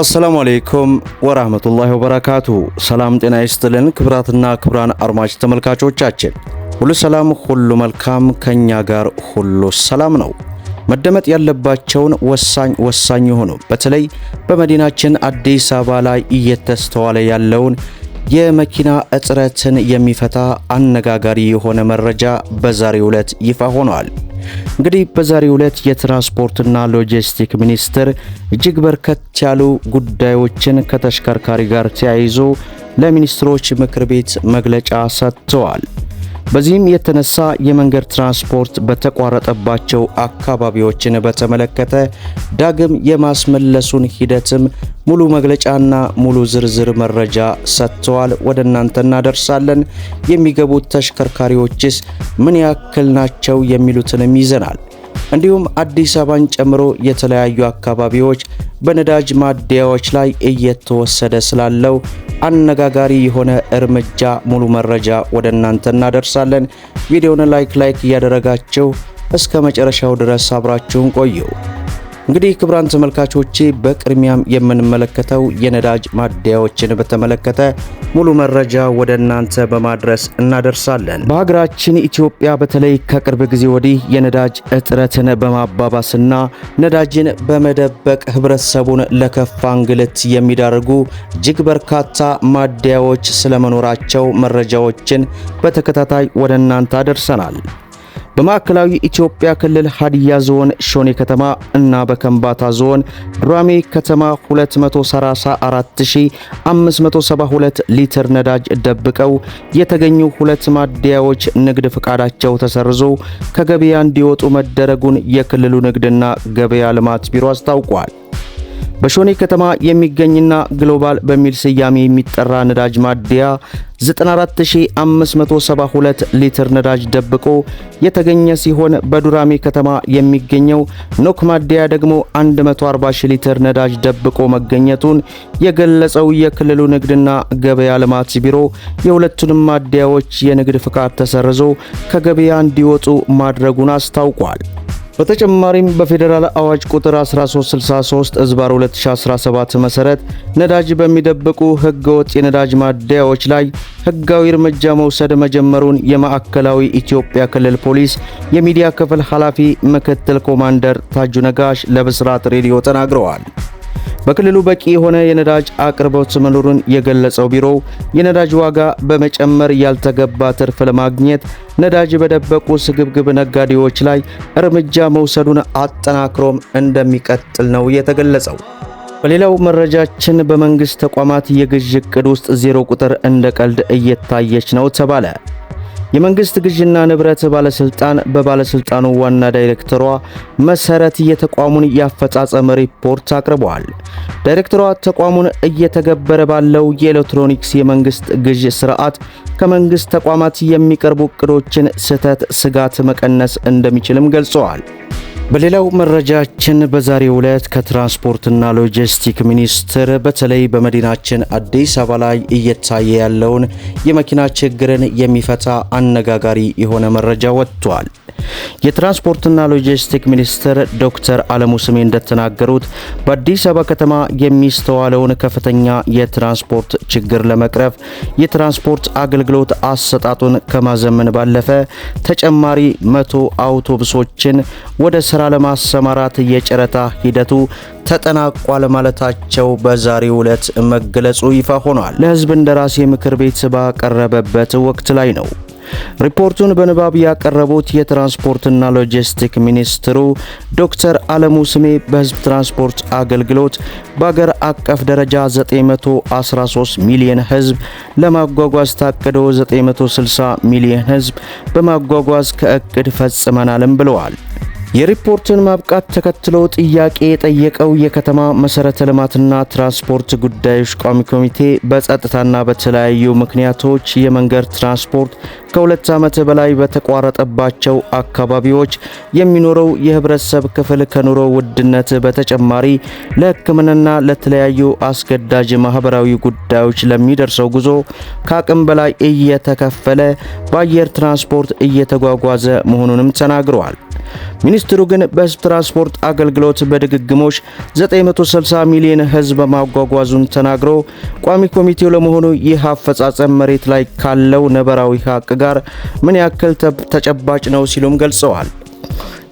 አሰላሙ አሌይኩም ወራህመቱላሂ ወበረካቱሁ ሰላም ጤና ይስጥልን ክብራትና ክብራን አድማጭ ተመልካቾቻችን ሁሉ ሰላም ሁሉ መልካም፣ ከኛ ጋር ሁሉ ሰላም ነው። መደመጥ ያለባቸውን ወሳኝ ወሳኝ የሆኑ በተለይ በመዲናችን አዲስ አበባ ላይ እየተስተዋለ ያለውን የመኪና እጥረትን የሚፈታ አነጋጋሪ የሆነ መረጃ በዛሬው ዕለት ይፋ ሆኗል። እንግዲህ በዛሬው ዕለት የትራንስፖርትና ሎጂስቲክ ሚኒስትር እጅግ በርከት ያሉ ጉዳዮችን ከተሽከርካሪ ጋር ተያይዞ ለሚኒስትሮች ምክር ቤት መግለጫ ሰጥተዋል። በዚህም የተነሳ የመንገድ ትራንስፖርት በተቋረጠባቸው አካባቢዎችን በተመለከተ ዳግም የማስመለሱን ሂደትም ሙሉ መግለጫና ሙሉ ዝርዝር መረጃ ሰጥተዋል። ወደ እናንተ እናደርሳለን። የሚገቡት ተሽከርካሪዎችስ ምን ያክል ናቸው የሚሉትንም ይዘናል። እንዲሁም አዲስ አበባን ጨምሮ የተለያዩ አካባቢዎች በነዳጅ ማደያዎች ላይ እየተወሰደ ስላለው አነጋጋሪ የሆነ እርምጃ ሙሉ መረጃ ወደ እናንተ እናደርሳለን። ቪዲዮውን ላይክ ላይክ እያደረጋችሁ እስከ መጨረሻው ድረስ አብራችሁን ቆየው እንግዲህ ክቡራን ተመልካቾቼ በቅድሚያም የምንመለከተው የነዳጅ ማደያዎችን በተመለከተ ሙሉ መረጃ ወደ እናንተ በማድረስ እናደርሳለን። በሀገራችን ኢትዮጵያ በተለይ ከቅርብ ጊዜ ወዲህ የነዳጅ እጥረትን በማባባስና ነዳጅን በመደበቅ ህብረተሰቡን ለከፋ እንግልት የሚዳርጉ እጅግ በርካታ ማደያዎች ስለመኖራቸው መረጃዎችን በተከታታይ ወደ እናንተ አደርሰናል። በማዕከላዊ ኢትዮጵያ ክልል ሀዲያ ዞን ሾኔ ከተማ እና በከምባታ ዞን ራሜ ከተማ 234572 ሊትር ነዳጅ ደብቀው የተገኙ ሁለት ማደያዎች ንግድ ፈቃዳቸው ተሰርዞ ከገበያ እንዲወጡ መደረጉን የክልሉ ንግድና ገበያ ልማት ቢሮ አስታውቋል። በሾኔ ከተማ የሚገኝና ግሎባል በሚል ስያሜ የሚጠራ ነዳጅ ማደያ 94572 ሊትር ነዳጅ ደብቆ የተገኘ ሲሆን በዱራሜ ከተማ የሚገኘው ኖክ ማደያ ደግሞ 140 ሺህ ሊትር ነዳጅ ደብቆ መገኘቱን የገለጸው የክልሉ ንግድና ገበያ ልማት ቢሮ የሁለቱንም ማደያዎች የንግድ ፍቃድ ተሰርዞ ከገበያ እንዲወጡ ማድረጉን አስታውቋል። በተጨማሪም በፌዴራል አዋጅ ቁጥር 1363 እዝባር 2017 መሰረት ነዳጅ በሚደብቁ ህገወጥ የነዳጅ ማደያዎች ላይ ህጋዊ እርምጃ መውሰድ መጀመሩን የማዕከላዊ ኢትዮጵያ ክልል ፖሊስ የሚዲያ ክፍል ኃላፊ ምክትል ኮማንደር ታጁ ነጋሽ ለብስራት ሬዲዮ ተናግረዋል። በክልሉ በቂ የሆነ የነዳጅ አቅርቦት መኖሩን የገለጸው ቢሮው የነዳጅ ዋጋ በመጨመር ያልተገባ ትርፍ ለማግኘት ነዳጅ በደበቁ ስግብግብ ነጋዴዎች ላይ እርምጃ መውሰዱን አጠናክሮም እንደሚቀጥል ነው የተገለጸው። በሌላው መረጃችን በመንግስት ተቋማት የግዥ እቅድ ውስጥ ዜሮ ቁጥር እንደ ቀልድ እየታየች ነው ተባለ። የመንግስት ግዥና ንብረት ባለስልጣን በባለስልጣኑ ዋና ዳይሬክተሯ መሰረት የተቋሙን የአፈጻጸም ሪፖርት አቅርበዋል። ዳይሬክተሯ ተቋሙን እየተገበረ ባለው የኤሌክትሮኒክስ የመንግስት ግዥ ስርዓት ከመንግስት ተቋማት የሚቀርቡ እቅዶችን ስህተት ስጋት መቀነስ እንደሚችልም ገልጸዋል። በሌላው መረጃችን በዛሬው ዕለት ከትራንስፖርትና ሎጂስቲክ ሚኒስቴር በተለይ በመዲናችን አዲስ አበባ ላይ እየታየ ያለውን የመኪና ችግርን የሚፈታ አነጋጋሪ የሆነ መረጃ ወጥቷል። የትራንስፖርትና ሎጂስቲክ ሚኒስትር ዶክተር አለሙ ስሜ እንደተናገሩት በአዲስ አበባ ከተማ የሚስተዋለውን ከፍተኛ የትራንስፖርት ችግር ለመቅረፍ የትራንስፖርት አገልግሎት አሰጣጡን ከማዘመን ባለፈ ተጨማሪ መቶ አውቶቡሶችን ወደ ስራ ለማሰማራት የጨረታ ሂደቱ ተጠናቋል ማለታቸው በዛሬው ዕለት መገለጹ ይፋ ሆኗል። ለህዝብ እንደራሴ ምክር ቤት ባቀረበበት ወቅት ላይ ነው። ሪፖርቱን በንባብ ያቀረቡት የትራንስፖርትና ሎጂስቲክ ሚኒስትሩ ዶክተር አለሙ ስሜ በህዝብ ትራንስፖርት አገልግሎት በአገር አቀፍ ደረጃ 913 ሚሊዮን ህዝብ ለማጓጓዝ ታቅዶ 960 ሚሊዮን ህዝብ በማጓጓዝ ከእቅድ ፈጽመናልም ብለዋል። የሪፖርትን ማብቃት ተከትሎ ጥያቄ የጠየቀው የከተማ መሰረተ ልማትና ትራንስፖርት ጉዳዮች ቋሚ ኮሚቴ በጸጥታና በተለያዩ ምክንያቶች የመንገድ ትራንስፖርት ከሁለት ዓመት በላይ በተቋረጠባቸው አካባቢዎች የሚኖረው የህብረተሰብ ክፍል ከኑሮ ውድነት በተጨማሪ ለሕክምናና ለተለያዩ አስገዳጅ ማህበራዊ ጉዳዮች ለሚደርሰው ጉዞ ከአቅም በላይ እየተከፈለ በአየር ትራንስፖርት እየተጓጓዘ መሆኑንም ተናግረዋል። ሚኒስትሩ ግን በህዝብ ትራንስፖርት አገልግሎት በድግግሞሽ 960 ሚሊዮን ህዝብ ማጓጓዙን ተናግሮ ቋሚ ኮሚቴው ለመሆኑ ይህ አፈጻጸም መሬት ላይ ካለው ነበራዊ ሀቅ ጋር ምን ያክል ተጨባጭ ነው ሲሉም ገልጸዋል።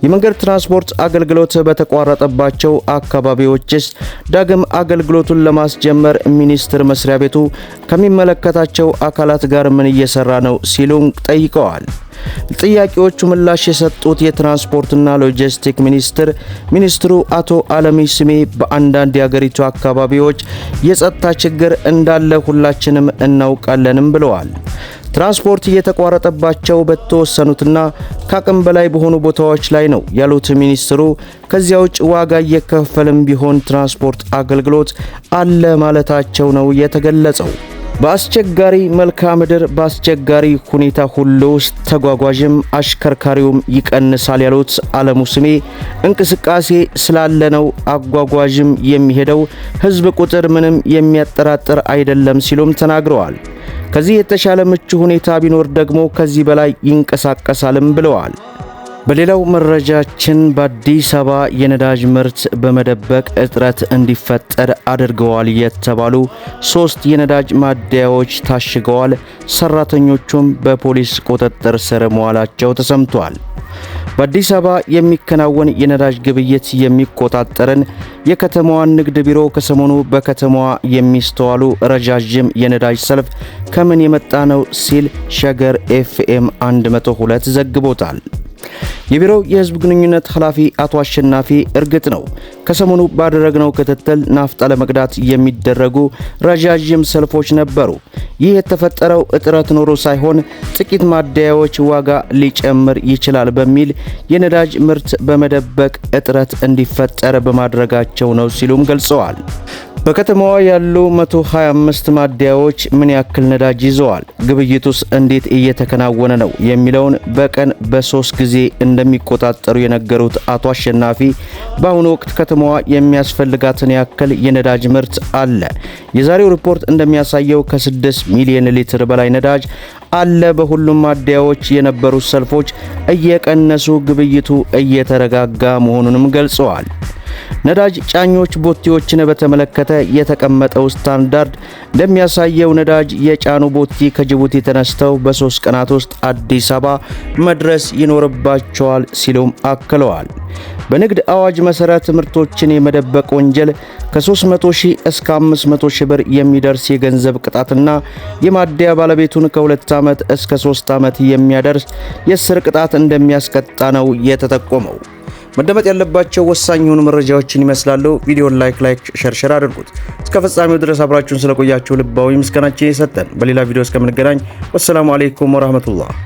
የመንገድ ትራንስፖርት አገልግሎት በተቋረጠባቸው አካባቢዎችስ ዳግም አገልግሎቱን ለማስጀመር ሚኒስቴር መስሪያ ቤቱ ከሚመለከታቸው አካላት ጋር ምን እየሰራ ነው ሲሉም ጠይቀዋል። ጥያቄዎቹ ምላሽ የሰጡት የትራንስፖርትና ሎጂስቲክ ሚኒስትር ሚኒስትሩ አቶ አለሚ ስሜ በአንዳንድ የአገሪቱ አካባቢዎች የጸጥታ ችግር እንዳለ ሁላችንም እናውቃለንም ብለዋል። ትራንስፖርት እየተቋረጠባቸው በተወሰኑትና ከአቅም በላይ በሆኑ ቦታዎች ላይ ነው ያሉት ሚኒስትሩ፣ ከዚያ ውጭ ዋጋ እየከፈልም ቢሆን ትራንስፖርት አገልግሎት አለ ማለታቸው ነው የተገለጸው። በአስቸጋሪ መልክዓ ምድር በአስቸጋሪ ሁኔታ ሁሉ ውስጥ ተጓጓዥም አሽከርካሪውም ይቀንሳል ያሉት አለሙ ስሜ እንቅስቃሴ ስላለነው አጓጓዥም የሚሄደው ህዝብ ቁጥር ምንም የሚያጠራጥር አይደለም ሲሉም ተናግረዋል። ከዚህ የተሻለ ምቹ ሁኔታ ቢኖር ደግሞ ከዚህ በላይ ይንቀሳቀሳልም ብለዋል። በሌላው መረጃችን በአዲስ አበባ የነዳጅ ምርት በመደበቅ እጥረት እንዲፈጠር አድርገዋል የተባሉ ሶስት የነዳጅ ማደያዎች ታሽገዋል። ሰራተኞቹም በፖሊስ ቁጥጥር ስር መዋላቸው ተሰምቷል። በአዲስ አበባ የሚከናወን የነዳጅ ግብይት የሚቆጣጠርን የከተማዋን ንግድ ቢሮ ከሰሞኑ በከተማዋ የሚስተዋሉ ረዣዥም የነዳጅ ሰልፍ ከምን የመጣ ነው ሲል ሸገር ኤፍኤም 102 ዘግቦታል። የቢሮው የህዝብ ግንኙነት ኃላፊ አቶ አሸናፊ እርግጥ ነው ከሰሞኑ ባደረግነው ክትትል ናፍጣ ለመቅዳት የሚደረጉ ረዣዥም ሰልፎች ነበሩ። ይህ የተፈጠረው እጥረት ኖሮ ሳይሆን ጥቂት ማደያዎች ዋጋ ሊጨምር ይችላል በሚል የነዳጅ ምርት በመደበቅ እጥረት እንዲፈጠር በማድረጋቸው ነው ሲሉም ገልጸዋል። በከተማዋ ያሉ 125 ማደያዎች ምን ያክል ነዳጅ ይዘዋል? ግብይቱስ እንዴት እየተከናወነ ነው? የሚለውን በቀን በሶስት ጊዜ እንደሚቆጣጠሩ የነገሩት አቶ አሸናፊ በአሁኑ ወቅት ከተማዋ የሚያስፈልጋትን ያክል የነዳጅ ምርት አለ። የዛሬው ሪፖርት እንደሚያሳየው ከ6 ሚሊዮን ሊትር በላይ ነዳጅ አለ። በሁሉም ማደያዎች የነበሩት ሰልፎች እየቀነሱ ግብይቱ እየተረጋጋ መሆኑንም ገልጸዋል። ነዳጅ ጫኞች ቦቴዎችን በተመለከተ የተቀመጠው ስታንዳርድ እንደሚያሳየው ነዳጅ የጫኑ ቦቲ ከጅቡቲ ተነስተው በሶስት ቀናት ውስጥ አዲስ አበባ መድረስ ይኖርባቸዋል ሲሉም አክለዋል። በንግድ አዋጅ መሰረት ምርቶችን የመደበቅ ወንጀል ከ300 ሺህ እስከ 500 ሺህ ብር የሚደርስ የገንዘብ ቅጣትና የማደያ ባለቤቱን ከሁለት ዓመት እስከ 3 ዓመት የሚያደርስ የእስር ቅጣት እንደሚያስቀጣ ነው የተጠቆመው። መደመጥ ያለባቸው ወሳኝ የሆኑ መረጃዎችን ይመስላሉ። ቪዲዮን ላይክ ላይክ ሸር አድርጉት። እስከ ፍጻሜው ድረስ አብራችሁን ስለቆያችሁ ልባዊ ምስጋናችን የሰጠን። በሌላ ቪዲዮ እስከምንገናኝ ወሰላሙ አሌይኩም ወረህመቱላህ